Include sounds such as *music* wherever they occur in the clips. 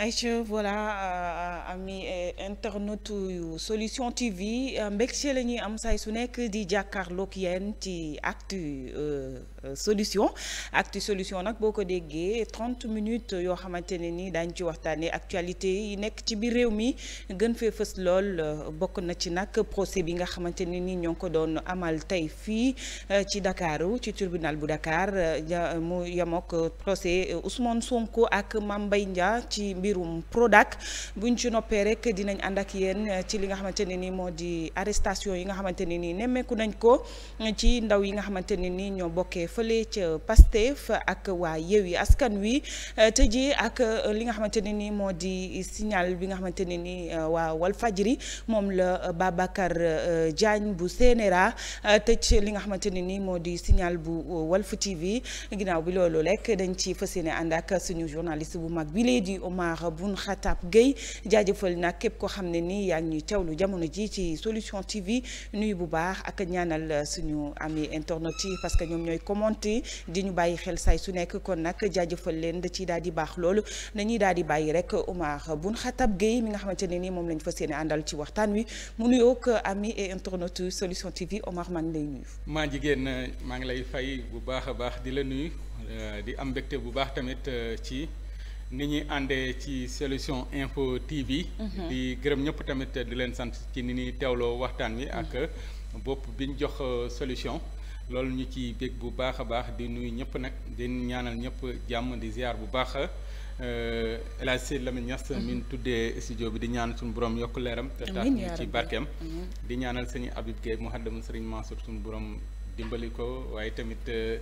ay Aïcha voilà euh, ami internaute yu solution TV euh, mbégte la ñuy am saay su nekk di jàkkaarloog yéen ci actu euh, solution actu solution nag boo ko déggee 30 minutes yoo xamante ne ni daañu ci waxtaanee actualité yi nekk ci biir réew mi gën fee fës lool bokk na ci nag procès bi nga xamante ne ni ñoo ngi ko doon amal tey fii ci Dakaaru ci tirbinal bu Dakar mu yemook procès Ousmane Sonko ak Mame Mbaye Niang ci. mbirum Prodac buñ ci noppee rek dinañ ànd ak yéen eh, ci li nga xamante ne ni moo di arestation yi nga xamante ne ni nemmeeku nañ ko eh, ci ndaw yi nga xamante ne ni ñoo bokkee fële ca Pastef ak waa yi Askan Wi eh, tëjee ak li nga xamante ne ni moo di signal bi nga xamante ne ni waa Walfadjri moom la Babacar Diagne bu CNRA tëj li nga xamante ne ni moo di signal bu Walf TV ginnaaw bi loolu rek dañ ci fas yéene ànd ak suñu journaliste bu mag bi lay di Omar Omar Boun Khatab Gueye jaajëfal nag képp koo xam ne nii yaa ngi ñuy teewlu jamono ji ci solution TV nuyu bu baax ak ñaanal suñu ami internet yi parce que ñoom ñooy commenté di ñu bàyyi xel saay su nekk kon nag jaajëfal leen da ciy daal di baax loolu dañuy daal di bàyyi rek Omar Boun Khatab Gueye mi nga xamante ne nii moom lañ fa yéene àndal ci waxtaan wi mu nuyoog ami et internet solution TV Omar maa ngi lay nuyu. maa jigéen maa ngi lay fay bu baax a baax di la nuyu di am bu baax tamit ci. ni ñuy àndee ci solution info TV. Mhm. di gërëm ñëpp tamit di leen sant ci ni ñuy teewloo waxtaan wi ak mhm. bopp bi ñu jox euh, solution loolu ñu ci bég bu baax a baax di nuyu ñëpp nag di ñaanal ñëpp jàmm di ziar bu baax euh, El Hadj Seydou Lamine Niass mhm. min tuddee studio bi di ñaan suñu borom yokk leeram te tax ñu ci barkeem di ñaanal sëñ Habib Gueye mu xaddamu sëriñ Mansour suñu borom dimbali ko waaye tamit euh,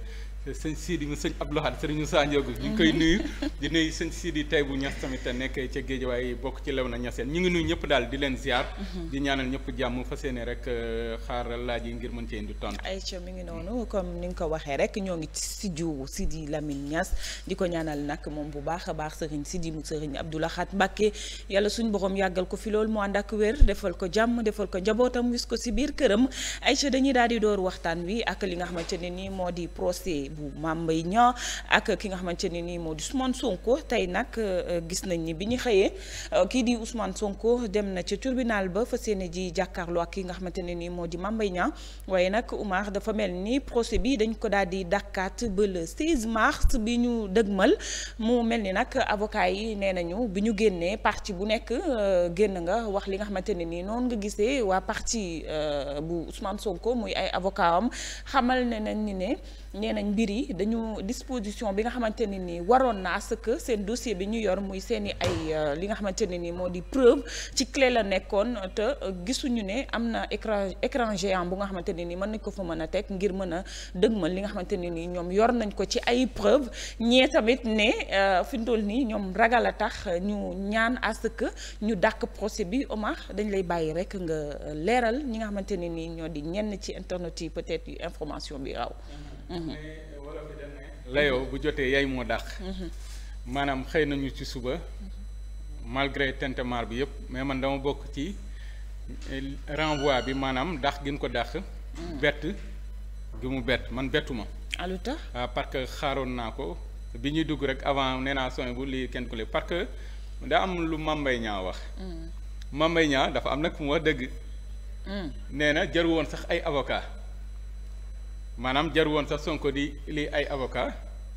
sëñ Sidi mu sëñ Abdou Lahad sëriñu Saa Njoogu ñu ngi koy *laughs* nuyu di nuy sëñ Sidi tey bu ñas tamit te nekk ca géej waaye bokk ci lew na ñaseen ñu ngi nuy ñëpp daal di leen ziar mhm. di ñaanal ñëpp jàmm fas yéene rek euh, xaaral laaj yi ngir mën cee indi tontu ay ci mi ngi noonu comme ni nga ko waxee rek ñoo ngi ci studio Sidi Lamine Niass di ko ñaanal nag moom bu baax a baax sëriñ Sidi mu sëriñ Abdou Lahad Mbacké yàlla suñu borom yàggal ko fi loolu mu ànd ak wér defal ko jàmm defal ko njabootam wis ko si biir këram ay dañu daal di door waxtaan wi ak li nga xamante ne nii moo di procès bu Mame Mbaye Niang ak ki nga xamante ne nii moo di Ousmane Sonko tey nag euh, gis nañ ni bi ñu xëyee euh, kii di Ousmane Sonko dem na ca tribunal ba fa seeni ji jàkkaarloo ak ki nga xamante ne nii moo di Mame yi Niang waaye nag Oumar dafa mel ni procès bi dañ ko daal di dàkkaat ba le 16 mars bi ñu dëgmal mu mel ni nag avoca yi nee nañu bi ñu génnee parti bu nekk euh, génn nga wax li nga xamante ne nii noonu nga gisee waa parti bu Ousmane Sonko muy ay avoca am xamal ne nañ ni ne nee nañ mbir yi dañu disposition bi nga xamante ne ni waroon naa ce seen dossier bi ñu yor muy seen i ay euh, li nga xamante ne ni moo di preuve ci clé la nekkoon te gisuñu ne am na écran écran géant bu nga xamante ne ni mën nañ ko fa mën a teg ngir mën a dëgmal li nga xamante ne ni ñoom yor nañ ko ci ay preuve ñee tamit ne euh, fi mu toll nii ñoom ragal a tax ñu ñaan à ce ñu dàq procès bi Omar dañ lay bàyyi rek nga leeral ñi nga xamante ne ni ñoo di ñenn ci internet yi peut-être information bi raw mais mm-hmm. wala layoo bu jotee yay moo dàq mm-hmm. maanaam xëy nañu ci suba mm-hmm. malgré tintemar bi yëpp mais man dama bokk ci eh, renvoi bi maanaam dàq gi ñu ko dàq mm. bett gi mu bett man bettu ma alu ah, tax ah, que xaaroon naa ko bi ñuy dugg rek avant nee naa soñ bu lii kenn ku lee parce que daa am lu mambay ñaa wax mm. mambay ñaa dafa am nag mu wax dëgg mm. nee na jëru woon sax ay avocat maanaam jar woon sax Sonko di lii ay avocat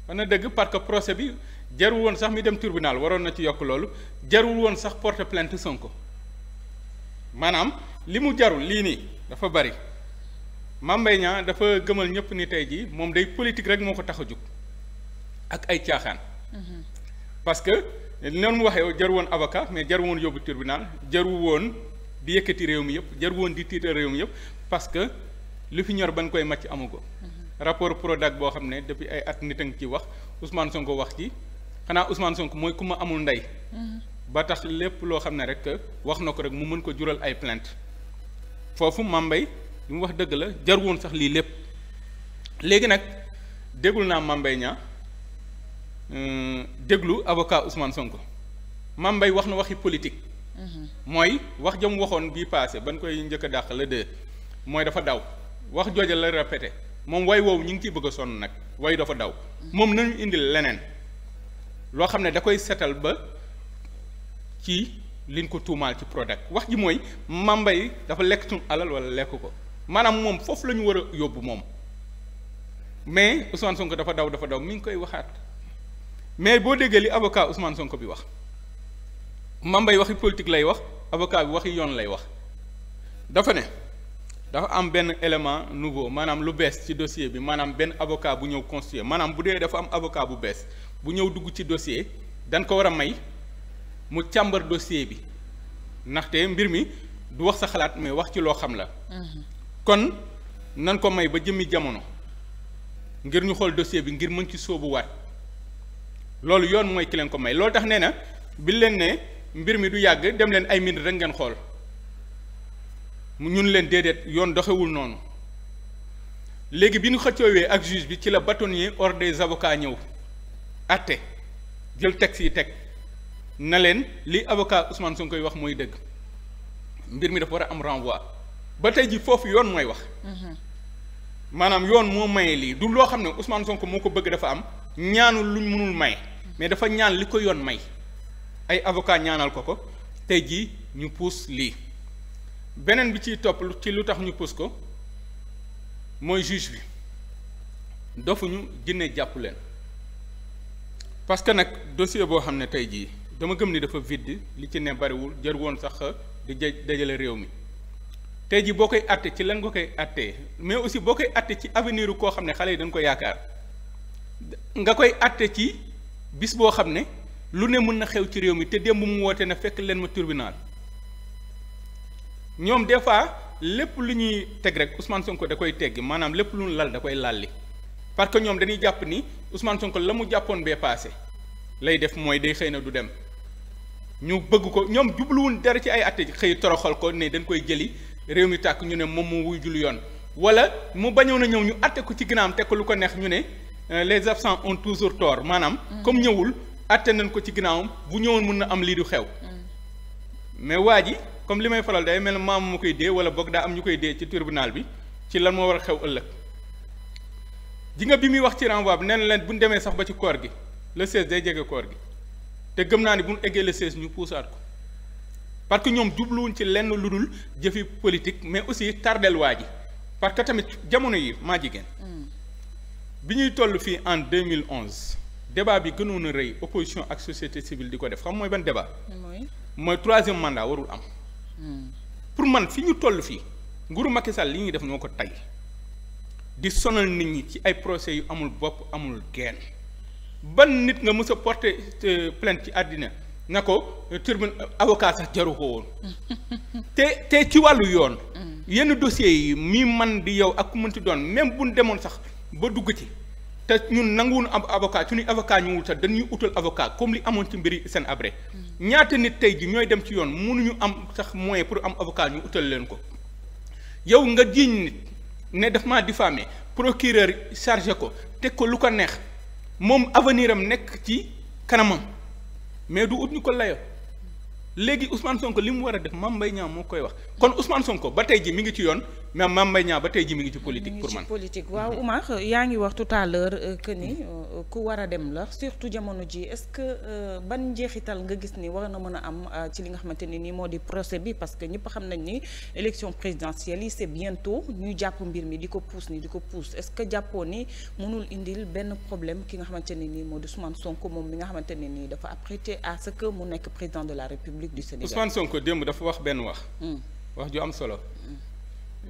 wana dëgg parce que procès bi jarul woon sax mi dem tribunal waroon na ci yokk loolu jarul woon sax porte plainte Sonko maanaam li mu jarul lii nii dafa bari Mame Mbaye Niang dafa gëmal ñëpp ni tey jii moom day politique rek moo ko tax a jóg ak ay caaxaan. Mhm. parce que noonu mu waxee jar woon avocat mais jaru woon yóbbu tribunal jaru woon di yëkkati réew mi yëpp jar woon di tiital réew mi yëpp parce que. li fi ñor ban koy màcc amu ko. Mhm. rapport Prodac boo xam ne depuis ay at nit a ngi ci wax Ousmane Sonko wax ci xanaa Ousmane Sonko mooy ku ma amul ndey. Mhm. ba tax lépp loo xam ne rek wax na ko rek mu mën ko jural ay plainte foofu Mambay li mu wax dëgg la jar woon sax lii lépp léegi nag déglu naa Mambay ñaa euh, déglu avocat Ousmane Sonko Mambay wax na waxi politique. Mhm. mooy wax jëm waxoon bii paase ban koy njëkk a dàq la de mooy dafa daw. wax jooja la répété moom way woowu ñu ngi ciy bëgg a sonn nag way dafa daw moom nañu indil leneen loo xam ne da koy setal ba ci liñ ko tuumaal ci Prodac wax ji mooy mamba yi dafa lekk suñu alal wala lekk ko maanaam moom foofu la ñu war a yóbbu moom mais Ousmane sonk dafa daw dafa daw mi ngi koy waxaat mais boo déggee li avocat usmaan Sonko bi wax mamba yi waxi politik lay wax avocat bi waxi yoon lay wax dafa ne. dafa am benn élément nouveau maanaam lu bees ci dossier bi maanaam benn avocat bu ñëw constitué maanaam bu dee dafa am avocat bu bees bu ñëw dugg ci dossier dañ ko war a may mu càmbar dossier bi ndaxte mbir mi du wax sa xalaat mais wax ci loo xam la mhm. kon nan ko may ba jëmmi jamono ngir ñu xool dossier bi ngir mën ci sóobuwaat loolu yoon mooy ki leen ko may loolu tax nee na bi leen ne mbir mi du yàgg dem leen ay minutes rek ngeen xool ñun leen déedéet yoon doxewul noonu léegi bi ñu xëccoowee ak juge bi ci la bâtonnier ordre des avocats ñëw atte jël texte yi teg na leen li avocat Ousmane Sonko koy wax mooy dëgg mbir mi dafa war a am renvoi ba tey ji foofu yoon mooy wax mhm. maanaam yoon moo maye lii du loo xam ne Ousmane Sonko moo ko bëgg dafa am ñaanu luñ mënul maye mais dafa ñaan li ko yoon may ay avocat ñaanal ko ko tey jii ñu puus lii beneen bi ciy topp ci lu tax ñu pus ko mooy juge bi dofuñu jinne jàpp leen parce que nag dossier boo xam ne tey jii dama gëm ni dafa vide li ci ne bariwul jër woon sax di dajale réew mi tey jii boo koy àtte ci lan nga koy àttee mais aussi boo koy àtte ci avenir koo xam ne xale yi dañ ko yaakaar nga koy àtte ci bis boo xam ne lu ne mën na xew ci réew mi te démb mu wootee na fekk leen ma tribunal ñoom des fois lépp lu ñuy teg rek Ousmane Sonko da koy teg maanaam lépp lu ñu lal da koy lalli parce que ñoom dañuy jàpp ni Ousmane Sonko la mu jàppoon bee passé lay def mooy day xëy na du dem ñu bëgg ko ñoom jubluwuñ dara ci ay atte xëy toroxal ko ne dañ koy jëli réew mi tàkk ñu ne moom mu wuy jul yoon wala mu bañoon a ñëw ñu atte ko ci ginnaawam teg ko lu ko neex ñu ne euh, les absents ont toujours tort maanaam. Mm. comme ñëwul atte nañ ko ci ginnaawam bu ñëwoon mun na am lii du xew. Mm. comme li may faral day mel maam mu koy dee wala boog daa am ñu koy dee ci tribunal bi ci lan moo war a xew ëllëg ji nga bi muy wax ci renvoi bi nee leen bu ñu demee sax ba ci koor gi le 16 day jege koor gi te gëm naa ni bu ñu eggee le 16 ñu puusaat ko parce que ñoom jubluwuñ ci lenn lu dul jëfi politique mais aussi tardel waa ji parce que tamit jamono yi maa jigéen. Mm. bi ñuy toll fii en 2011 débat bi gënoon a rëy opposition ak société civile di ko def xam mooy ban débat. mooy troisième mandat warul am. pour man fi ñu toll fii nguuru Macky li ñuy def noo ko tay di sonal nit ñi ci ay procès yu amul bopp amul genn ban nit nga mës a porter euh, plainte ci àddina na ko euh, tribune euh, avocat sax jaru ko woon *laughs* te te ci wàllu yoon mm. yenn dossiers yi mii man di yow ak ku mënti doon même buñ demoon sax ba dugg ci te ñun nanguwuñu am avocat suñuy avocat ñu wutal dañuy utal avocat comme li amoon ci mbiri seen abré ñaata nit tey ji ñooy dem ci yoon mënuñu am sax moyen pour am avocat ñu utal leen ko yow nga jiiñ nit ne daf maa diffamé procureur chargé ko teg ko lu ko neex moom avenir am nekk ci kanamam mais du ut ñu ko layo léegi Ousmane Sonko li mu war a def Mame Mbaye Niang moo koy wax kon Ousmane Sonko ba tey ji mi ngi ci yoon mais Mame Mbaye ba tey ji mi ngi ci politique pour man politique waaw Oumar yaa ngi wax tout à l'heure euh, que ni euh, ku war a dem la surtout jamono ji est-ce que euh, ban njeexital nga gis ni war na mën a am ci li nga xamante ne nii moo di procès bi parce que ñëpp xam nañ ni élection présidentielle yi c'est bientôt ñuy jàpp mbir mi di ko pousse ni di ko pousse est-ce que jàppoo ni mënul indil benn problème ki nga xamante ne nii moo di Ousmane Sonko moom mi nga xamante ne nii dafa apprêté à ce que nekk président de la République du Sénégal Ousmane Sonko démb dafa wax benn wax hmm. wax ju am solo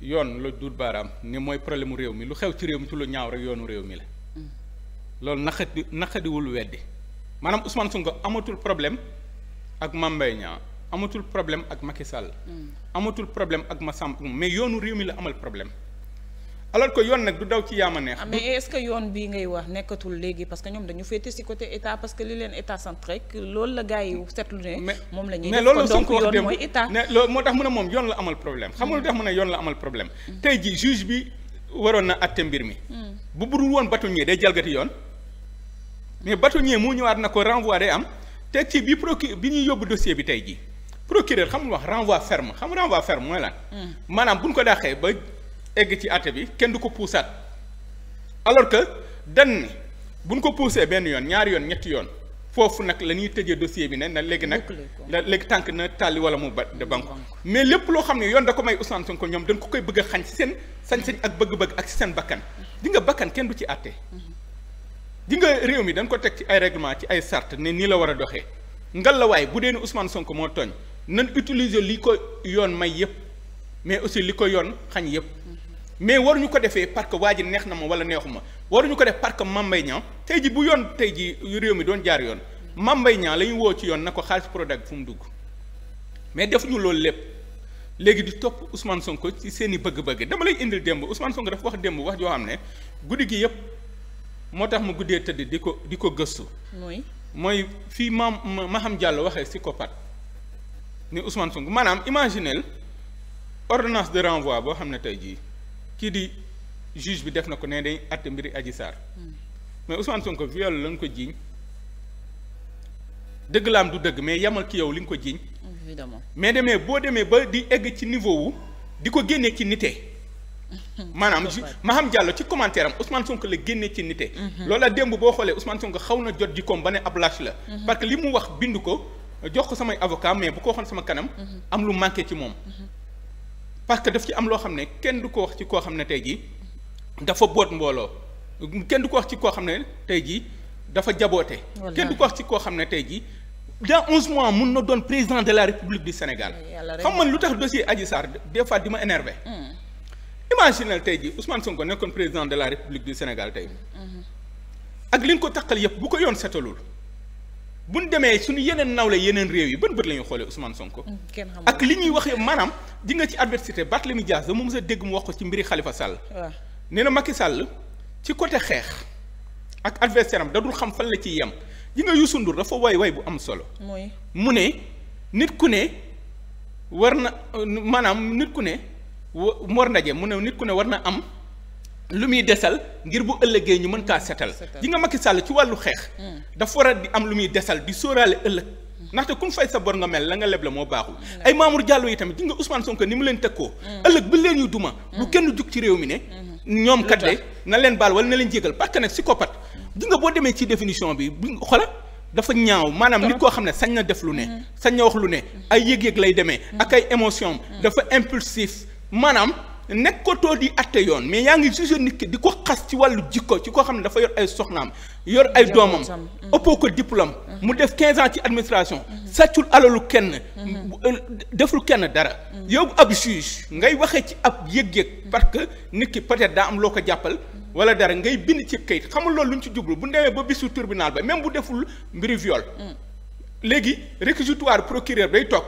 yoon la duut baaraam ni mooy problème mu réew mi lu xew ci réew mi ci lu ñaaw rek yoonu réew mi la loolu naqadi naqadiwul weddi maanaam Ousmane Sonko amatul problème ak Mame Mbaye Niang amatul problème ak Macky Sall mm. amatul problème ak ma Massamba mais yoonu réew mi la amal problème alors que yoon nag du daw ci yaama neex. Ah, mais est-ce que yoon bii ngay wax nekkatul léegi parce que ñoom dañu féete ci côté état parce que li leen état sant rek loolu la gars yi seetlu ne. moom la ñuy def ko donc yoon mooy état mais moo tax mu ne moom yoon la amal problème xam nga tax mu ne yoon la amal problème. Mm. tey jii juge bi waroon na àtte mbir mi. Mm. bu budul woon bâtonnier day jalgati yoon. mais bâtonnier mu ñëwaat na ko renvoi day am te ci bi procu bi ñuy yóbbu dossier bi tey jii procureur xamul wax renvoi ferme xam renvoi ferme mooy lan. Mm. maanaam bu ñu ko dàqee ba. egg ci àtte bi kenn du ko puusaat alors que dan ne bu ñu ko puusee benn yoon ñaari yoon ñetti yoon foofu nag la ñuy tëjee dossier bi ne na léegi nag la léegi tànk na tàlli wala mu ba de banko mais lépp loo xam ne yoon da ko may Ousmane Sonko ñoom dañ ko koy bëgg xañ si seen sañ-sañ ak bëgg-bëgg ak si seen bakkan di nga bakkan kenn du ci àtte di nga réew mi dañ ko teg ci ay règlement ci ay sart ne nii la war a doxee ngal la waay bu dee ni Ousmane Sonko moo tooñ nan utiliser li ko yoon may yëpp mais aussi li ko yoon xañ yëpp mais waruñu ko defee parce que waa ji neex na ma wala neexuma waruñu ko def parce que Mame Mbaye tey ji bu yoon tey ji réew mi doon jaar yoon Mame Mbaye la ñu woo ci yoon na ko xaalis Prodac fu mu dugg mais defuñu loolu lépp léegi di topp Ousmane Sonko ci seen i bëgg-bëgg dama lay indil démb Ousmane Sonko dafa wax démb wax joo xam ne guddi gi yëpp moo tax ma guddee tëdd di ko di ko gëstu. mooy mooy fii maam xam Diallo waxee si ko COPAD ni Ousmane Sonko maanaam imaginel ordonnance de renvoi boo xam ne tey jii. kii di juge bi def na ko ne day àtte mbiri Adji Sarr mais Ousmane Sonko viol lañ ko jiiñ dëgg laam du dëgg mais yamal ki yow li nga ko jiiñ mais demee boo demee ba di egg ci niveau wu di ko génnee ci nitee *laughs* maanaam Maham Diallo ci commentaire am Ousmane Sonko la génnee ci nite mhm. loola démb boo xoolee Ousmane Sonko xaw na jot jikkoom ba ne ab lâche la mhm. parce que li mu wax bind ko jox ko samay avocat mais bu ko waxoon sama kanam mhm. am lu manqué ci moom parce que daf ci am loo xam ne kenn du ko wax ci koo xam ne tey jii dafa boot mbooloo kenn du ko wax ci koo xam ne tey jii dafa jaboote. kenn du ko wax ci koo xam ne tey jii dans onze mois mun na doon président de la république du Sénégal. xam man lu tax dossier Adji Sarr des fois di ma énervé. Hmm. imaginal tey jii Ousmane Sonko nekkoon président de la république du Sénégal tey. Hmm. ak li nga ko taqal yëpp bu ko yoon setalul. bu ñu demee suñu yeneen nawle yeneen réew yi ban bët la ñuy xoolee Ousmane Sonko. Mm, ak li ñuy waxee maanaam di nga ci adversité Barthélémy Dias da moom sa dégg mu wax ko ci mbiri Khalifa Sall. nee na Macky sàll ci côté xeex ak adversaire am da dul xam fan la ciy yem ji nga Youssou Ndour dafa way way bu am solo. mu ne nit ku ne war na maanaam nit ku ne war ndaje mu ne nit ku ne war na am. lu muy desal ngir bu ëllëgee ñu mën kaa setal yi nga Macky Sall ci wàllu xeex hmm. dafa war a di am lu muy desal di sóoraale ëllëg hmm. ndaxte ku mu fay sa bor nga mel la nga leb la moo baaxul hmm. ay Mamour Diallo yi tamit di nga Ousmane Sonko ni mu leen teg koo ëllëg bi leen ñu duma bu kenn jug ci réew mi ne ñoom kat de na leen baal wala na leen jégal parce que nag si di nga boo demee ci définition bi bi xola dafa ñaaw maanaam nit koo xam ne sañ na def lu ne sañ na lu ne ay yëg lay demee ak ay émotion dafa impulsif maanaam ko nekkatoo di atte yoon mais yaa ngi jugé nit di ko xas ci wàllu jikko ci ko xam ne dafa yor ay soxnaam yor ay doomam mm. ëppoo ko diplôme mm. mu def quinze ans ci administration mm. sàccul alalu kenn mm-hmm. euh, deful kenn dara yow ab juge ngay waxee ci ab yëg-yëg parce que nit ki peut-être daa am loo ko jàppal wala dara ngay bind ci kayit xamul loolu lu ñu ci jublu bu demee ba bisu tribunal ba même bu deful mbiri viol léegi réquisitoire procureur day toog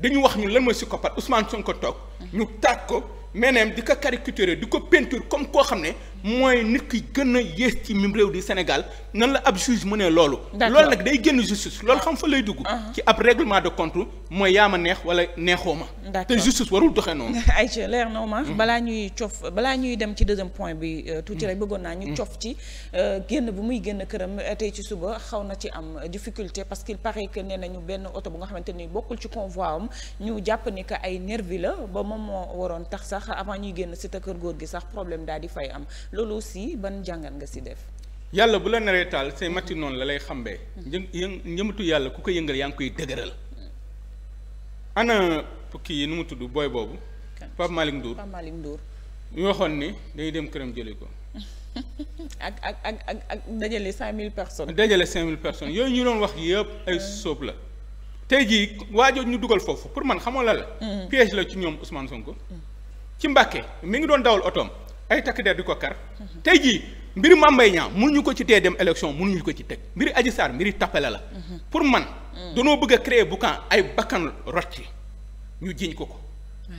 dañu wax ñu lan mooy psychopathe Ousmane Sonko toog ñu taaj ko maanaam di ko caricaturer di ko peinture comme koo xam ne mooy nit ki gën a yées ci mim réew di Sénégal nan la ab juge mu ne loolu. loolu nag day génn justice loolu ah. xam fa lay dugg. Uh-huh. ci ab règlement de compte mooy yaa neex wala neexoo ma. te justice warul doxee noonu. *laughs* ayca leer na ma mm-hmm. balaa ñuy cof balaa ñuy dem ci deuxième point bi. Euh, tuuti rek mm-hmm. bëggoon naa ñu mm-hmm. cof ci euh, génn bu muy génn këram euh, tey ci suba xaw na ci am difficulté parce qu'il paraît que nee ñu benn oto bu nga xamante ni bokkul ci convoi am ñu jàpp ni que ay nervi la ba moom moo waroon tax sax avant ñuy génn si ta kër góor gi sax problème daal di fay am loolu aussi ban jàngat nga si def. yàlla bu la naree taal say matti noonu la lay xambee. një yë yàlla ku ko yëngal yaa ngi koy dëgëral. ana yi nu mu tudd booy boobu. Pape Malick Ndour Pape Malick ñu waxoon ni day dem këram jëlee ko. *laughs* ak ak ak ak ak dajale cinq mille personnes. dajale cinq mille personnes yooyu ñu doon wax yëpp ay mm. sóob la. tey jii waajoo ñu dugal foofu pour man xamoo la la. Mm. piège la ci ñoom Ousmane Sonko. Mm. ci Mbàkke mi ngi doon dawal otoom. ay takk der di ko kar tey jii mbir Mame Mbaye Niang ñu ko ci tee dem élection mënuñu ko ci teg mbiri Adji Sarr mbiri tappale la pour man mm. danoo bëgg a créer boucan ay bakkan rot ci ñu jiñ ko ko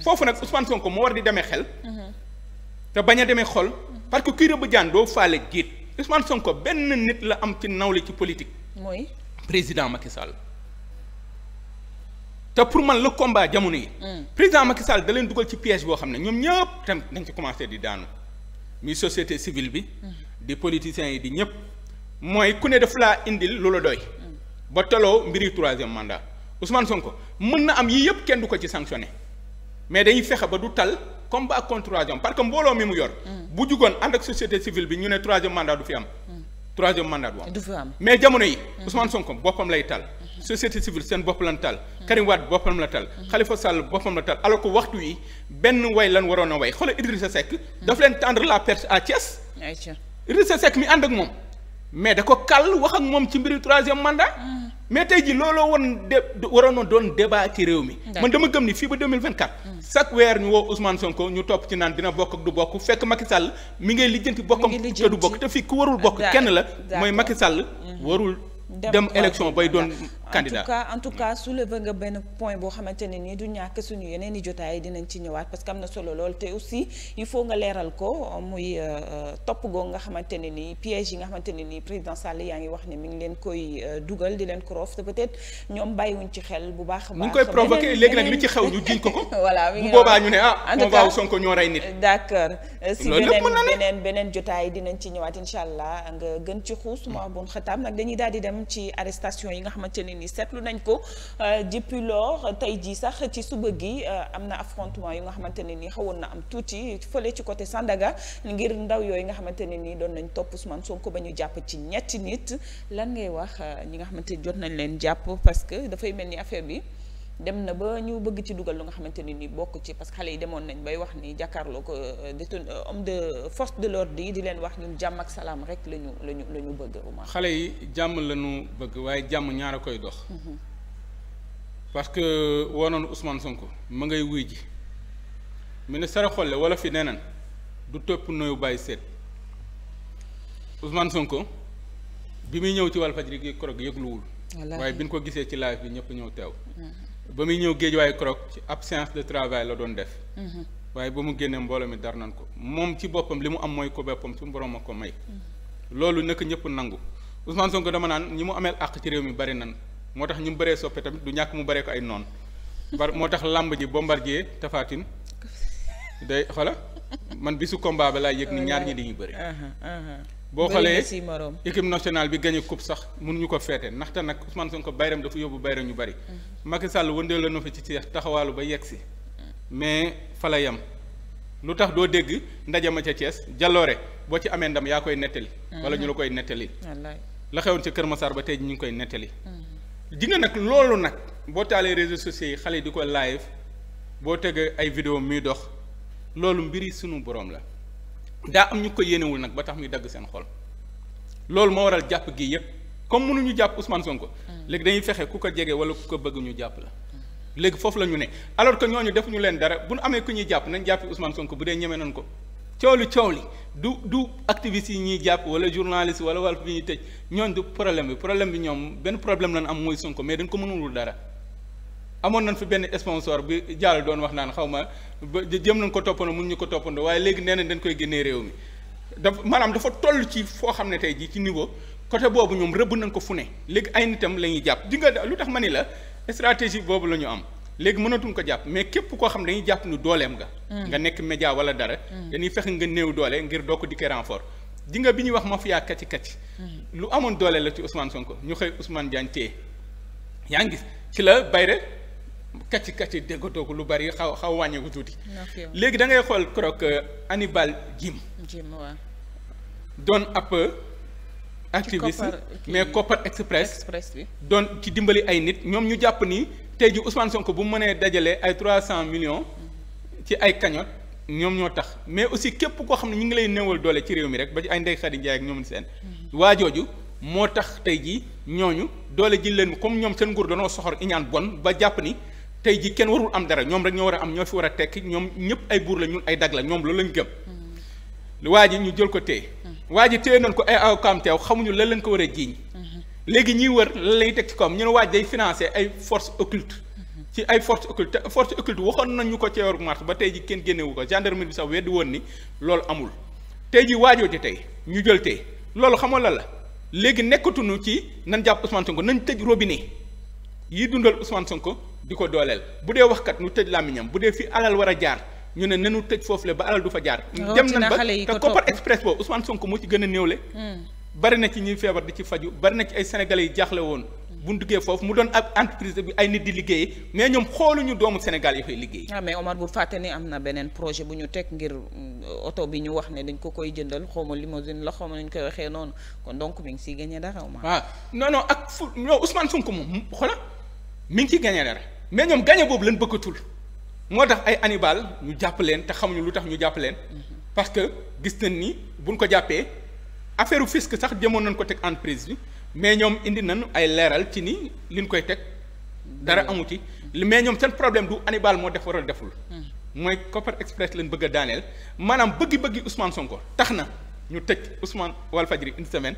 foofu nag Ousmane Sonko mu war di demee xel mm-hmm. te bañ a demee xol parce que kuy rëbb jaan doo faale jiit Ousmane Sonko benn nit la am ci nawle ci politique mooy président Macky Sall te pour man le combat jamono yi mm. président Macky Sall da leen dugal ci piège boo xam ne ñoom ñëpp tam dañ ci commencé di daanu muy societé civile bi di politiciens yi di ñëpp mooy ku ne daf laa indil lu la doy mm. ba toloo mbiri troisième mandat Ousmane Sonko mën na am yii yëpp kenn du ko ci sanctionné mais dañuy fexe ba du tal combat contre troisième parce que mbooloo mi mu yor mm. bu jugoon ànd ak société civile bi ñu ne troisième mandat du fi am mm. troisième mandat du am mais jamono yi Ousmane Sonko boppam lay tal société civile seen bopp lan taal Karim Wade boppam la taal Khalifa Sall boppam la taal alors que waxtu wi benn way lan waroon a way xoolal Idrissa Seck daf leen tendre la perche à Thiès Idrissa Seck mi ànd ak moom mais da ko kal wax ak moom ci mbiru troisième mandat mm. mais tey jii looloo woon de waroon na doon débat ci réew mi. man dama gëm ni fii ba 2024. Mm. chaque weer ñu woo Ousmane Sonko ñu topp ci naan dina bokk ak du bokk fekk Macky Sall mi ngay lijjanti bokkam te du bokk te fii ku warul bokk kenn la mooy Macky Sall mm. warul dem élection bay doon. candidat en tout cas en tout cas soulever nga benn point boo xamante ne nii du ñàkk suñu yeneen i jotaay dinañ ci ñëwaat parce euh, euh, di bu baax a baax. ñu ngi koy provoqué léegi nag li ci xew ñu jiñ ko ko. *laughs* Ah, jotaay dinañ ci ñëwaat incha allah nga gën ci xuus. moo bun xataam nag dañuy daal dem ci arrestation yi nga xamante ne ni seetlu nañ ko euh, depuis lors tey jii sax ci suba gi euh, am na affrontement yu nga xamante ne ni xawoon na am tuuti fële ci côté Sandaga ngir ndaw yooyu nga xamante ne nii doon nañ topp soo ko ba ñu jàpp ci ñetti nit lan ngay wax euh, ñi nga xamante jot nañ leen jàpp parce que dafay mel ni affaire bi. dem na ba ñu bëgg ci dugal lu nga xamante ni ni bokk ci parce que xale yi demoon nañ bay wax ni jàkkaarloo ko euh, détenu euh, homme de force de l'ordre yi di leen wax ñun jàmm ak salaam rek la ñu la ñu la ñu bëgg uma xale yi jàmm la ñu bëgg waaye jàmm ñaar a koy dox mhm. parce que woonoon Ousmane Sonko ma ngay wuy ji mu ne sara xolle wala fi neneen du topp nooyu bàyyi seet Ousmane Sonko bi muy ñëw ci Walfadjri gi korog yëgluwul waaye bi ñu ko gisee ci live bi ñëpp ñëw teew mhm. ba muy ñëw géejuwaay krok ci absence de travail la doon def. Mhm. waaye ba mu génnee mbooloo mi dar nañ ko moom ci boppam li mu am mooy ko boppam su borom a ko may. Mhm. loolu naka ñëpp nangu Ousmane Sonko dama naan ñi mu ameel àq ci réew mi bari nan moo tax ñu bëree soppe tamit du ñàkk mu bëree ko ay noon bar moo tax làmb ji bombardier tafaatin *laughs* day xola man bisu combat ba laay yëg ni ñaar ñi dañuy bëri. Uh-huh, uh-huh. boo xoolee équipe nationale bi gagné coupe sax mënuñu ko feete ndaxte nag Ousmane Sonko bayram dafa yóbbu bayram ñu bari. Mm. Macky Sall wëndeel la na fi ci seex taxawaalu ba yegg si. mais fa la yem lu tax doo dégg ndaje ma ca Thiès jalloore boo ci amee ndam yaa koy nettali. wala ñu la koy nettali. la xewoon ci Kër Massar ba tey ñu ngi koy nettali. ji mm. nag loolu nag boo taalee réseaux sociaux yi xale yi di ko live boo tegee ay vidéo muy dox loolu mbiri sunu borom la. daa am ñu ko yéenewul nag ba tax muy dagg seen xol loolu moo waral jàpp gi yëpp comme mënuñu jàpp Ousmane Sonko. Mm. léegi dañuy fexe ku ko jege wala ku ko bëgguñu ñu jàpp la. léegi foofu la ñu ne alors que ñooñu defuñu leen dara bu nu amee ku ñuy jàpp nañ jàppi Ousmane Sonko bu dee ñeme nañ ko coow li coow li du du activiste yi ñuy jàpp wala journaliste wala wàll bi ñuy tëj ñooñ du problème bi problème bi ñoom benn problème lañ am mooy Sonko mais dañ ko mënulul dara. amoon nañ fi benn sponsor bi jàll doon wax naan xaw ma ba jëm nañ ko toppandoo mun ñu ko toppandoo waaye léegi nee nañ dañ koy génnee réew mi daf maanaam dafa toll ci foo xam ne tey jii ci niveau côté boobu ñoom rëbb nañ ko fu ne léegi ay nitam la ñuy jàpp di nga lu tax ma ni la stratégie boobu la ñu am léegi mënatuñ ko jàpp mais képp koo xam ne dañuy jàpp ni dooleem nga. Mm. nga nekk média wala dara. Mm. dañuy fex nga néew doole ngir doo ko dikkee renfort di nga bi ñuy wax mafia kacci kacci mm. lu amoon doole la ci Ousmane Sonko ñu xëy Ousmane Diagne yaa ngi gis ci la bayre kacc kacc déggatoo ko lu bari xaw xaw wàññeeku tuuti. léegi da ngay xool croque euh, Hannibal Jim. Jim waaw. doon ab euh, activiste mais Kopar Express. bi doon ci dimbali ay nit ñoom ñu jàpp ni tey ji Ousmane Sonko bu mu mënee dajale ay trois cent millions. ci ay cagnotte ñoom ñoo tax mais aussi képp koo xam ne ñu ngi lay newal doole ci réew mi rek ba ci ay Ndeye Khady Ndiaye ak ñoom seen. Mm-hmm. waa jooju moo tax tey jii ñooñu doole ji leen comme ñoom seen nguur danoo soxor iñaan bon ba jàpp ni. tey ji kenn warul am dara ñoom rek ñoo war a am ñoo fi war a tekki ñoom ñëpp ay buur la ay dag la ñoom loolu lañ gëm mm-hmm. waa ji ñu jël ko téye mm-hmm. waa ji téye nañ ko ay awkaam teew xamuñu lan lañ ko war a jiiñ mm-hmm. léegi ñiy wër la lay teg ci kawam ñu ne waaj day financé ay force occulte ci ay force occulte force occulte waxoon nañ ñu ko ceeweru mars ba tey ji kenn génnewu ko gendarmerie bi sax weddi woon ni loolu amul tey ji waajoo ji tey ñu jël tey loolu xamoo la la léegi nekkatuñu ci nan jàpp Ousmane Sonko nañ tëj robinet yi dundal Ousmane Sonko di ko dooleel bu dee wax waxkat nu tëj làmmiñam bu dee fi alal war a jaar ñu ne na nanu tëj foofu le ba alal du fa jaar dem nañ ba te Kopar Express boobu Ousmane Sonko moo ci gën a néewle hmm. bari na ci ñuy feebar di ci faju bari na ci ay sénégalais yi jaaxle woon hmm. bu ñu foofu mu doon ab entreprise bi ay nit di liggéeyee mais ñoom xooluñu doomu Sénégal yi fay liggéey. Ah, mais Omar bu fàtte ni am na beneen projet ñu teg ngir mm, oto bi ñu wax ne dañ ko koy jëndal xaw ma limousine la xaw ma nañ koy waxee noonu kon donc mi ngi siy gagné dara Omar. ah ak fu non Ousmane Sonko moom xoola mi ngi ciy gagné dara mais ñoom gagné boobu lañ bëggatul moo tax ay Hannibal ñu jàpp leen te xamuñu lu tax ñu jàpp leen parce que gis nañ ni buñ ko jàppee affaire fisc sax jëmoon nañ ko teg entreprise bi mais ñoom indi nañ ay leeral ci ni liñ koy teg dara amu ci mais ñoom seen problème du Hannibal moo def waral deful. mooy Copper Express lañ bëgg a daaneel maanaam bëgg-bëgg Ousmane Sonko tax na ñu tëj Ousmane Walfadjri une semaine.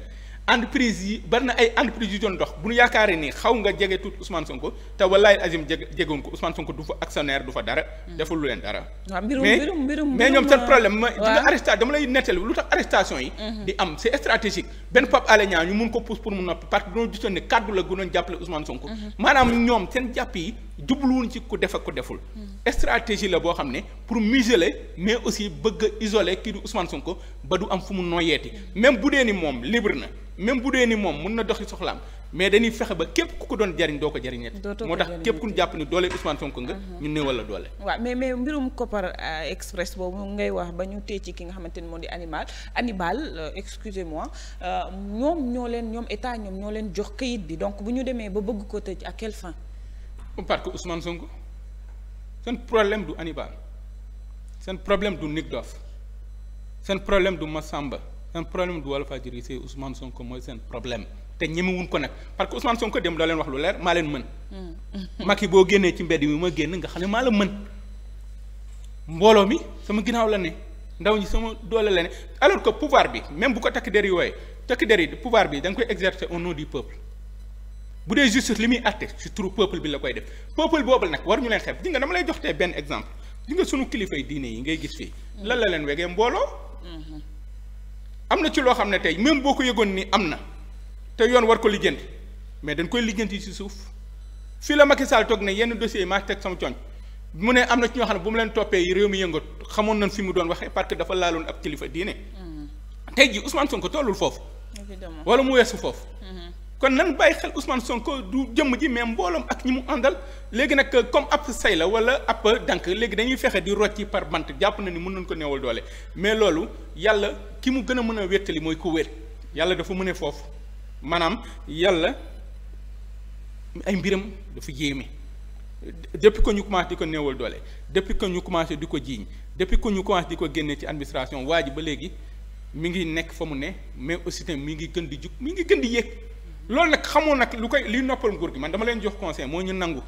entreprise yi bari na ay entreprise yu doon dox bu ñu yaakaaree ni xaw nga jege tuut Ousmane Sonko te wallaay azim jege jegoon ko Ousmane Sonko du fa actionnaire du fa dara. Hmm. deful lu leen dara. mais mais ñoom seen problème ma. waaw arrestation dama lay nettali lu tax arrestation yi. Hmm. di am c'est stratégique benn Pape Alé Niang ñu mun ko pousse pour mu noppi parce que dañoo gisoon ne kaddu la gënoon jàppale Ousmane Sonko. Hmm. maanaam ñoom seen jàpp yi. jubluwuñ ci ku def ak ku deful. stratégie la boo xam ne pour museler mais aussi bëgg isole isoler kii di Ousmane ko ba du am fu mu noyeeti même bu dee ni moom libre na même bu dee ni moom mun na doxi soxlaam mais dañuy fexe ba képp ku ko doon jariñ doo ko jariñet moo tax képp ku ñu jàpp ni doole Ousmane Sonko nga. Uh-huh. ñu néewal la doole. waa mais mais mbirum Kopar euh, Express boobu ngay wax ba ñu tey ci ki nga xamante ni moo di animal Hannibal euh, excusez-moi euh, ñoom ñoo leen ñoom état ñoom ñoo leen jox kayit bi donc bu ñu demee ba bëgg ko tëj à quelle fin. parce que usman Sonko seen problème du Hannibal seen problème du Nick Doff seen problème du Massamba seen problème du Walfadjri c'est Ousmane Sonko mooy seen problème te ñemewuñ ko nag parce que Ousmane Sonko dem doo wax lu leer maa leen mën. Mm. Macky boo génnee ci mbedd mu ma génn nga xam ne maa la mën mbooloo mi sama ginnaaw la ne ndaw ñi sama doole la ne alors que pouvoir bi même bu ko takk der yi wooye takk der yi pouvoir bi da nga koy exercer un nom du bu dee justice li muy atte ci turu peuple bi la koy def peuple boobu nag war ñu leen xeeb di nga dama lay jox tey benn exemple di nga sunu kilifay diine yi ngay gis fii. lan la leen wegee mbooloo. am na ci loo xam ne tey même boo ko yëgoon ni am na te yoon war ko lijjanti mais dañ koy lijjanti ci suuf fii la Macky Sall toog ne yenn dossiers yi maa teg sama cooñ mu ne am na ci ñoo xam ne bu mu leen toppee réew mi yëngat xamoon nañ fi mu doon waxee parce que dafa laaloon ab kilifa diine. Mm. tey jii Ousmane Sonko tollul foofu. wala mu weesu foofu. Mm-hmm. kon nan bàyyi xel Ousmane Sonko du jëmm ji mais mbooloom ak ñi mu àndal léegi nag comme ab say la wala ab dank léegi dañuy fexe di ci par bant jàpp na ni mën nañ ko neewal doole mais loolu yàlla ki mu gën a mën a wéttali mooy ku wér yàlla dafa mëne foofu maanaam yàlla ay mbiram dafa yéeme depuis ko ñu commencé di ko néewal doole depuis que ñu commencé di ko jiiñ depuis ko ñu commencé di ko génne ci administration waa ji ba léegi ngi nekk mu ne mais aussi tamit mi ngi gën di jug mi ngi gën di yéeg. loolu nag xamoo nag lu koy liy noppal nguur man dama leen jox conseil moo ñu nangu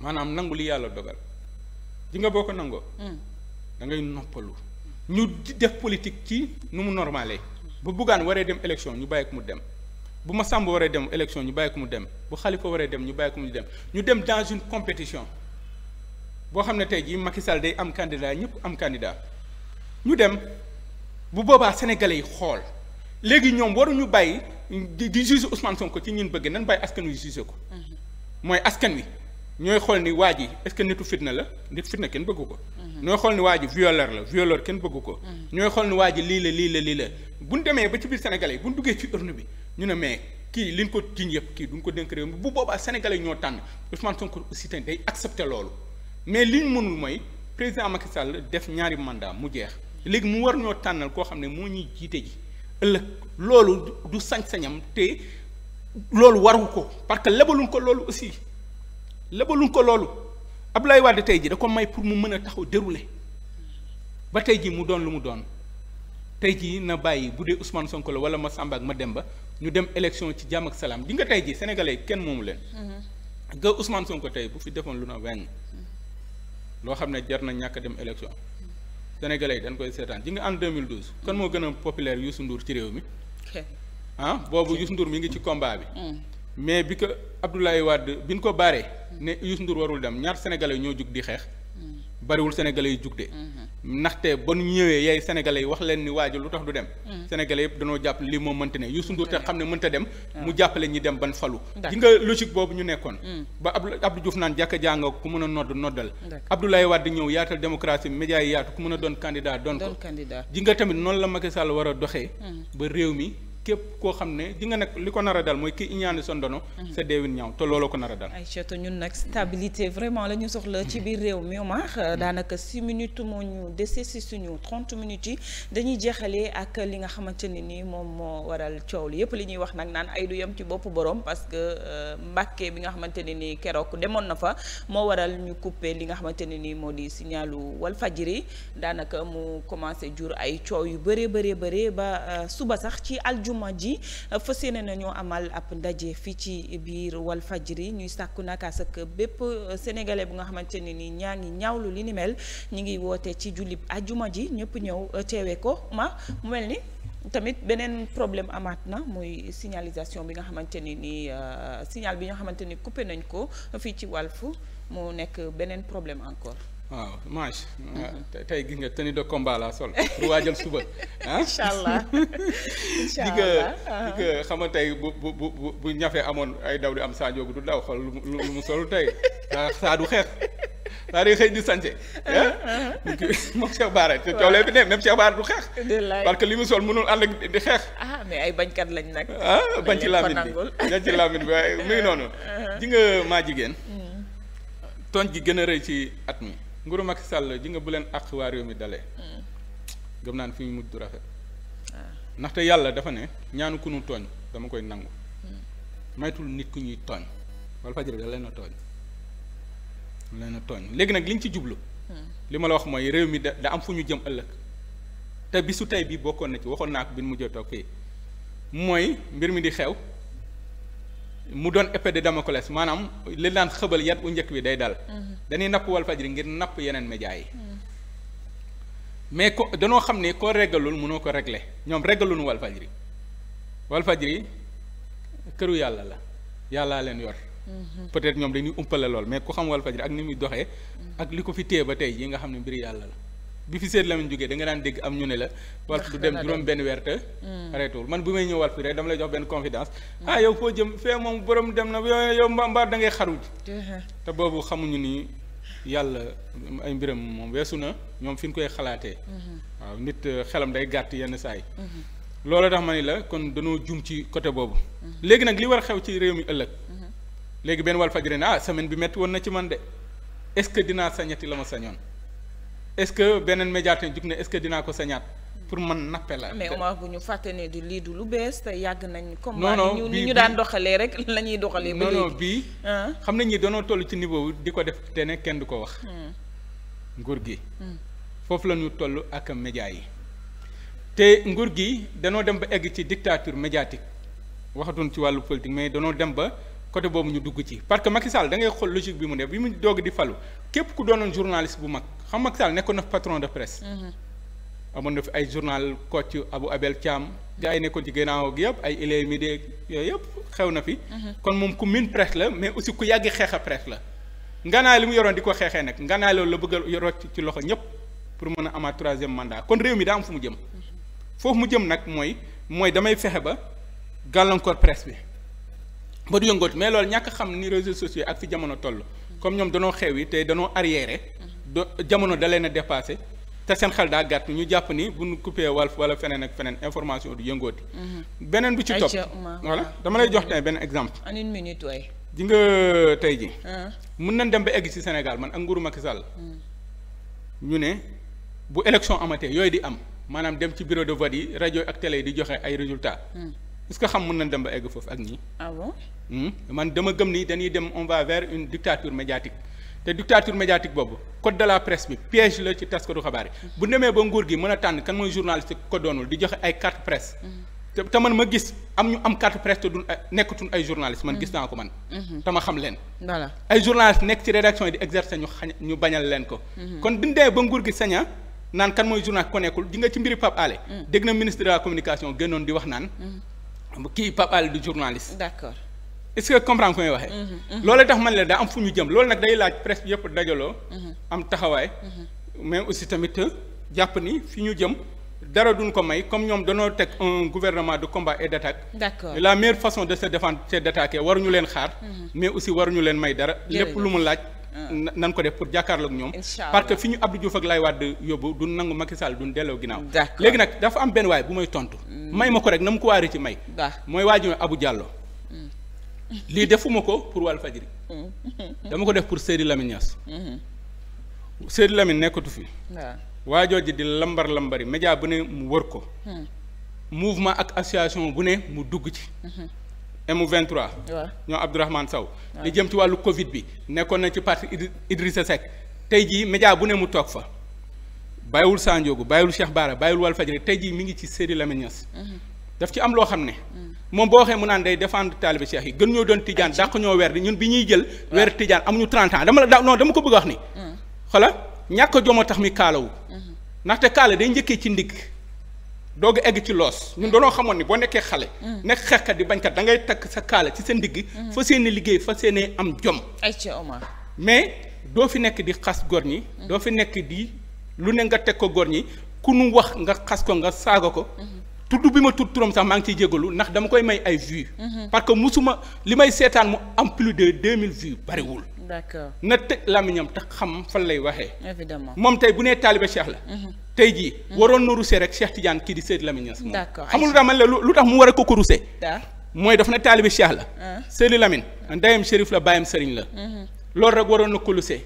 maanaam nangu li yàlla dogal ji nga boo ko nangoo. Hmm. da ngay noppalu. ñu di def politique ci nu mu normale bu buggaan waree dem élection ñu bàyyi ko mu dem bu ma sàmb waree dem élection ñu bàyyi mu dem bu xalifa waree dem ñu bàyyi ko mu dem ñu dem dans une compétition boo xam ne tey jii Macky Sall day am candidat ñëpp am candidat ñu dem bu boobaa sénégalais yi xool. léegi ñoom waruñu bàyyi di di juge Ousmane Sonko ci ñun bëgg nan bàyyi askan wi juge ko. Mhm. mooy askan wi ñooy xool ni waa ji est-ce que nitu fitna la nit fitna kenn bëggu ko. Mhm. ñooy xool ni waa ji violeur la kenn bëgg ko. Mhm. ñooy xool ni waa ji lii la lii la lii la bu ñu demee ba ci biir sénégalais bu ñu duggee ci urne bi ñu ne mais kii liñ ko jiñ yëpp kii duñ ko dénk réew mi bu boobaa sénégalais ñoo tànn Ousmane Sonko aussi tamit day accepté loolu mais liñ mënul mooy président Macky Sall def ñaari mandat mu jeex léegi mu war ñoo tànnal koo xam ne moo ñuy jiite ji ëllëg loolu du sañ-sañam te loolu waru ko parce que lebaluñ ko loolu aussi lebaluñ ko loolu ab Abdoulaye Wade tey ji da ko may pour mu mën a taxaw dérouler ba tey ji mu doon lu mu doon tey jii na bàyyi bu dee Ousmane Sonko la wala Massamba ak ba ñu dem élection ci jàmm ak salaam di nga tey jii sénégalais kenn moomu leen. nga mm-hmm. Ousmane Sonko tey bu fi defoon lu na weng loo xam ne jar na ñàkk dem élection. sénégalais yi dañ koy seetaan ji nga en 2012 kan moo gën a populaire Youssou Ndour ci réew mi ah boobu Youssou Ndour mi ngi ci combat bi mm. mais bi ko Abdoulaye Wade bi ñu ko baaree ne Youssou Ndour warul dem ñaar sénégalais ñoo jug di xeex bariwul sénégalais yu jug de. Mhm. ndaxte ba nu ñëwee yaay sénégalais yi wax leen ni waaju lu tax du dem. Mhm. sénégalais yëpp danoo jàpp lii moo mënta ne mhm. Youssou Ndour te xam ne mënta dem. Ah. mu jàppale ñi dem ban falu. gi nga logique boobu ñu nekkoon. Mm. ba Abdou Abdou Diouf naan jàkka jàng ku mën a nodd noddal. Abdoulaye Wade ñëw yaatal démocratie média yi yaatu ku mën a doon candidat doon ko. ji nga tamit noonu la Macky Sall war a doxe mm. ba réew mi. képp koo xam ne di nga li ko nar a dal mooy ki iñaani sa ndono mhm. sa deewin ñaaw te looloo ko nar a dal ay ceto ñun nag stabilité vraiment la ñu soxla ci biir réew mi mhm. euh, daanaka six minutes moo ñu dese si suñu trente minutes yi dañuy jeexalee ak li nga xamante ne ni moom moo waral coow li yépp li ñuy wax nag naan ay du yem ci bopp boroom parce que euh, mbàkkee bi nga xamante ne ni keroog demoon na fa moo waral ñu coupé li nga xamante ne nii moo di signalu Walfadjri daanaka mu commencé jur ay coow yu bëree bëree bëree ba euh, suba sax ci alju ajuma ji fa yéene nañoo amal ab ndaje fii ci biir Walfadjri ñuy sàkku nag à ce bépp sénégalais bu nga xamante ne ni ñaa ngi ñaawlu li ni mel ñu ngi wootee ci jullit juma ji ñëpp ñëw euh, teewee ko ma mu mel ni tamit beneen problème amaat na muy signalisation bi nga xamante ni nii euh, signal bi nga xamante ni coupé nañ ko fii ci Walf mu nekk beneen problème encore waaw mange mhm. ah, tey gis nga tenue de combat la sol pour waajal suba *laughs* ah incha allah di *laughs* nga di nga xama bu bu bu bu ñafee amoon ay daw di am saa njoogu du daw xool lu mu sol tey ah, saa du xeex daa di xëy di sance moom Cheikh Bara te coow lee fi ne même Cheikh Bara du xeex parce que li mu sol mënul ànd ak di xeex ah, mais ay bañkat lañ nag ah bañ ci laamin bi dañ ci laamin bi waaye muy *laughs* uh-huh. noonu ji maa jigéen mm. tooñ gi gën a rëy ci at mi nguuru Macky Sall ji nga bu leen àq waa réew mi dalee. Hmm. gëm naan fi mu mujj du rafet. Ah. ndaxte yàlla dafa ne ñaanu ku nu tooñ dama koy nangu. Hmm. maytul nit ku ñuy tooñ. wala fajri da leen a tooñ. leen a tooñ léegi nag liñ ci jublu. Hmm. li ma la wax mooy réew mi da da am fu ñu jëm ëllëg. te bisu tey bi bokkoon na ci waxoon naa ko bi mu mujjee toog fii mooy mbir mi di xew. mu doon épée de dama Damoclès maanaam li daan xëbal yat bu njëkk bi day dal. Mhm. dañuy napp Walfadjri ngir napp yeneen médias yi. Mhm. mais ko danoo xam ne koo régalul mënoo ko regle ñoom régaluñu Walfadjri Walfadjri këru yàlla la yàllaa leen yor. Mhm. peut-être ñoom dañuy umpale lool mais ku xam Walfadjri ak ni muy doxee. ak li ko fi téye ba tey yi nga xam ne mbir yàlla la. bi fi seet Lamine jógee da nga daan dégg am ñu ne la Walf du dem juróom benn weer te mm. man bi may ñëw Walf rek lay jox benn confidence ah yow foo jëm fee moom borom dem na yow yow mbaar da ngay xaru ji te boobu xamuñu ni yàlla ay mbiram moom weesu na ñoom fi ñu koy xalaatee mm-hmm. waaw nit euh, xelam day gàtt yenn saa yi mm-hmm. loolu tax ma ni la kon dañoo jum ci côté boobu mm-hmm. léegi nag li war a xew ci réew mi ëllëg léegi benn Walfadjri ne ah semaine bi métti woon na ci man de est-ce que dinaa sañati la ma ñoon est-ce que beneen médiateur jug ne est-ce que dinaa ko sañaat pour mën nappe la. mais Omar bu ñu fàtte ne du lii du lu bees te yàgg nañ. comme ñu ni ñu daan doxalee rek la ñuy doxalee. ba léegi non bii. xam nañ ñi danoo toll ci niveau di ko def te ne kenn du ko wax. Hmm. nguur gi. Hmm. foofu la ñu toll ak média yi. te nguur gi danoo dem ba egg ci dictature médiatique waxatuñ ci wàllu politique mais danoo dem ba côté boobu ñu dugg ci parce que Macky Sall da ngay xool logique bi mu def bi mu doog di falu képp ku doonoon journaliste bu mag. xam Macky Sall nekkoon na patron de presse. Mhm. amoon na fi ay journal Kocc Abou Abel Thiam. gars yi nekkoon ci ginnaaw gi yëpp ay Ile midi yooyu yëpp xew na fi. Mhm. kon moom ku min presse la mais aussi ku yàgg xeex a presse la. nganaay li mu yoroon di ko xeexee nag nganaay loolu la bëgg a yoroo ci loxo ñëpp pour mën a amaat troisième mandat kon réew mi daa am fu mu jëm. Mhm. foofu mu jëm nag mooy mooy damay fexe ba gàllankoor presse bi ba du yëngootu mais lool ñàkk xam ni réseaux sociaux ak fi jamono toll. comme ñoom danoo xew yi te danoo arriéré. do jamono da leen a dépassé te seen xel daa gàtt ñu jàpp ni bu ñu coupé Walf wala feneen ak feneen information du yëngooti. Mm-hmm. beneen bi ci topp voilà dama lay jox tamit benn exemple. en une minute waay. ji nga euh, tey ji mun na dem ba egg ci Sénégal man ak nguuru Macky Sall. Mm. ñu ne bu élection amatee yooyu di am maanaam dem ci bureau de vote yi rajo ak tele yi di joxe ay résultat mm. est que xam mën nañ dem ba egg foofu ak ñi ah Hmm? man dama gëm ni dañuy dem on va une dictature médiatique te dictature médiatique boobu code de la presse bi piège la ci taskatu xabaar yi hmm. bu demee ba nguur gi mën a tànn kan mooy journaliste ko doonul di joxe ay carte presse hmm. te te man ma gis am ñu am carte presse te du eh, nekkatul ay journaliste man gis naa ko man. te ma xam leen. ay journaliste nekk ci rédaction yi di exercer ñu xañ ñu bañal leen ko. kon bu ñu ba nguur gi saña naan kan mooy journaliste na ministre de est-ce que comprendre ko may waxee. Mhm, mhm. loolu tax man la daa am fu ñu jëm loolu nag day laaj presse yëpp dajaloo. Mhm. am taxawaay. mais aussi tamit euh, jàpp ni fi ñu jëm. dara duñ ko may comme ñoom danoo teg un gouvernement de combat et d'attaque. la meilleure façon de se défendre c'est d'attaquer waruñu leen xaar. mais aussi waruñu leen may dara. lépp lu mu laaj. Ah. nan ko def pour jàkkaarloo ak ñoom. parce que fi ñu Abdou Diouf ak Laye Wade yóbbu du nangu Macky Sall duñ delloo ginnaaw. léegi nag dafa am benn waay bu may tontu. may ma ko rek na ko waaree ci may. mooy waa ji Abou Diallo. lii defuma ko pour Walfadjri dama ko def pour Seydi Lamine Niass Seydi nekkatu fi waajoo ji di lambar lambari media bu ne mu wër ko hmm. mouvement ak association bu ne mu dugg ci hmm. M23 waaw ñoo Abdourahmane Sow li jëm ci wàllu Covid bi nekkoon na ci parti Idrissa Seck tey jii média bu ne mu toog fa bàyyiwul Sandiogu bàyyiwul Cheikh Bara bàyyiwul Walfadjri tey jii mi ngi ci Seydi Lamine Niass hmm. daf ci am loo xam ne. moom boo waxee mu naan day défendre taalibe cheikh yi gën ñoo doon tijaan dàq ñoo weer di ñun bi ñuy jël. weer tijaan amuñu 30 ans dama la non dama ko bëgg a wax ni. Mm. xoolal ñàkk a jomo tax mi kaalawu. Mm-hmm. ndaxte kaala day njëkkee ci ndigg doog a egg ci loos ñun mm. dañoo xamoon ni boo nekkee xale. Mm. nekk xeexkat di bañkat da ngay takk sa kaala ci sa ndigg. fa seen liggéey fa seen am jom. ay mais doo fi nekk di xas góor ñi. doo fi nekk di lu ne nga teg ko góor ñi ku nu wax nga xas ko nga saaga ko. Mm-hmm. tudd bi ma tudd turam sax maa ngi ciy jégalu ndax dama koy may ay vues. Mhm. parce que musuma li may seetaan mu am plus de 2000 vues bariwul. d'accord na tëj làmmiñam te xam fan lay waxee. évidemment moom tey bu nee taaliba Cheikh la. Mhm. tey jii mhm. waroon na rusé rek Cheikh Tidiane ki di Seydi Lamine Niass. d'accord xamul lu tax man la lu tax mu war a ko ko rusé. mooy dafa ne taaliba Cheikh la. Ah. Seydi Lamine ndeyam Chérif la bàyyam Serigne la. loolu rek waroon na ko lusé.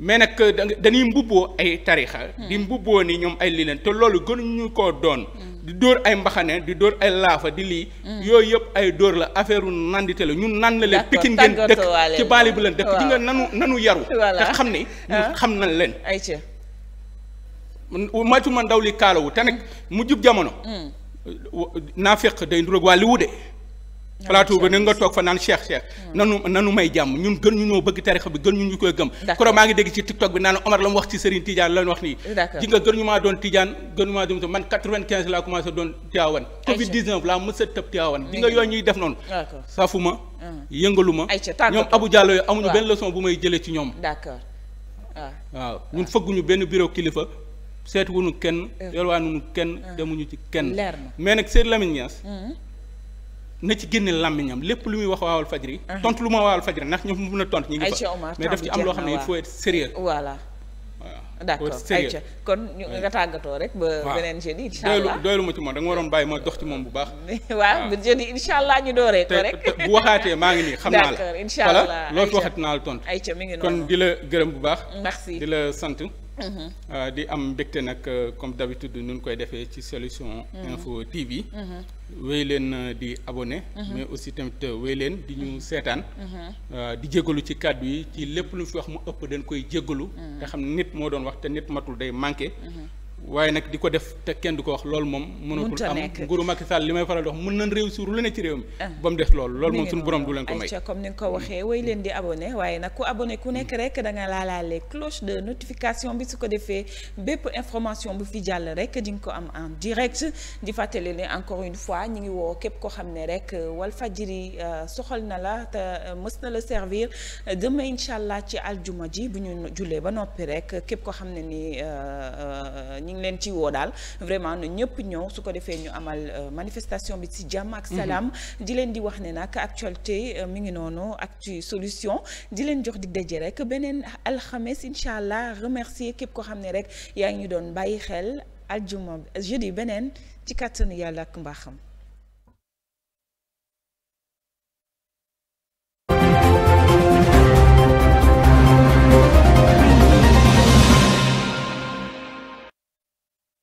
mais nag euh, dañuy mbubboo ay tarixa di mbubboo ni ñoom ay leneen te loolu gënuñu koo doon. di dóor ay mbaxane di dóor ay laafa di lii. Mm. yooyu yëpp ay dóor la affaire nandite la ñun nan la leen. pikin ngeen dëkk ci baali bu leen dëkk di nga nanu nanu yaru. te xam ne ñun ah. xam nañ leen. ayca. man ndaw li kaalawu te nag mu jub jamono. Mm. naafeq day nduróog waa li wude plateau ba nag nga toog fa naan cheikh cheikh hmm. nanu nanu may jàmm ñun gën ñu ñoo bëgg tarixa bi gën ñu ñu koy gëm koro maa ngi dégg ci tog bi naan Omar la mu wax ci Serigne Tidiane lañ wax nii ji nga gën ñu maa doon Tidiane gën ñu maa doon man 95 laa commencé doon Tivaouane covid 19 laa mësa tëb Tivaouane ji nga yooyu ñuy def noonu safuma hmm. yëngaluma ñoom Abou Diallo amuñu benn leçon bu may jëlee ci ñoom d'accord waaw ñun fëgguñu benn bureau kilifa seetuwuñu kenn hmm. yolwaanuñu kenn demuñu ci kenn mais nag Serigne Lamine Niass na ci génne làmmiñam lépp lu muy wax waawal fajri tontu lu ma waawal fajri ndax ñoom mën a tontu ñu ngi fa mais daf ci am loo xam ne il faut être sérieux voilà d'accord ayca kon ñu nga tàggatoo rek ba beneen jeudi incha allah doylu ma ci moom da nga waroon bàyyi ma dox ci moom bu baax *laughs* waaw bu jeudi incha allah ñu dooree ko rek bu waxaatee maa ngi nii xam naa la d'accord incha allah voilà loo fi waxat naa la tontu ayca mi kon di la gërëm bu baax merci di la sant Euh, di am mbégte nag euh, comme d'habitude nun koy defee ci solution mhm. info TV mhm. wéy leen euh, di abonné mhm. mais aussi tamit wéy leen di ñu seetaan di jégalu ci kàddu yi ci lépp lu fi wax mu ëpp dañ koy jégalu nga xam nit moo doon wax te nit matul day manqué waaye nag di ko def te kenn du ko wax loolu moom. mënatul am nguuru Macky Sall li may faral di wax mën nañ réussir lu ne ci réew mi. Ah. ba mu des loolu loolu moom suñu borom du leen ko may. ayca comme ko waxee way leen di abonné waaye nag ku abonné ku nekk rek da nga laalaale cloche de notification bi su ko defee bépp information bu fi jàll rek di nga ko am en direct di fàttali ne encore une fois ñu ngi woo képp koo xam ne rek wal Walfadjri euh, soxal na la te euh, mës na la servir demain incha allah ci aljuma ji bu ñu jullee ba noppi rek képp koo xam ne ni. Euh, ngi leen ci woo daal vraiment na ñëpp ñëw su ko defee ñu amal euh, manifestation bi ci jàmm ak mhm. salaam di leen di wax ne nag actualité euh, mi ngi noonu actu solution di leen jox di daje rek beneen alxames incha allah remercier képp koo xam ne rek yaa ngi doon bàyyi xel aljuma jeudi beneen ci kàttanu yàlla ak mbaaxam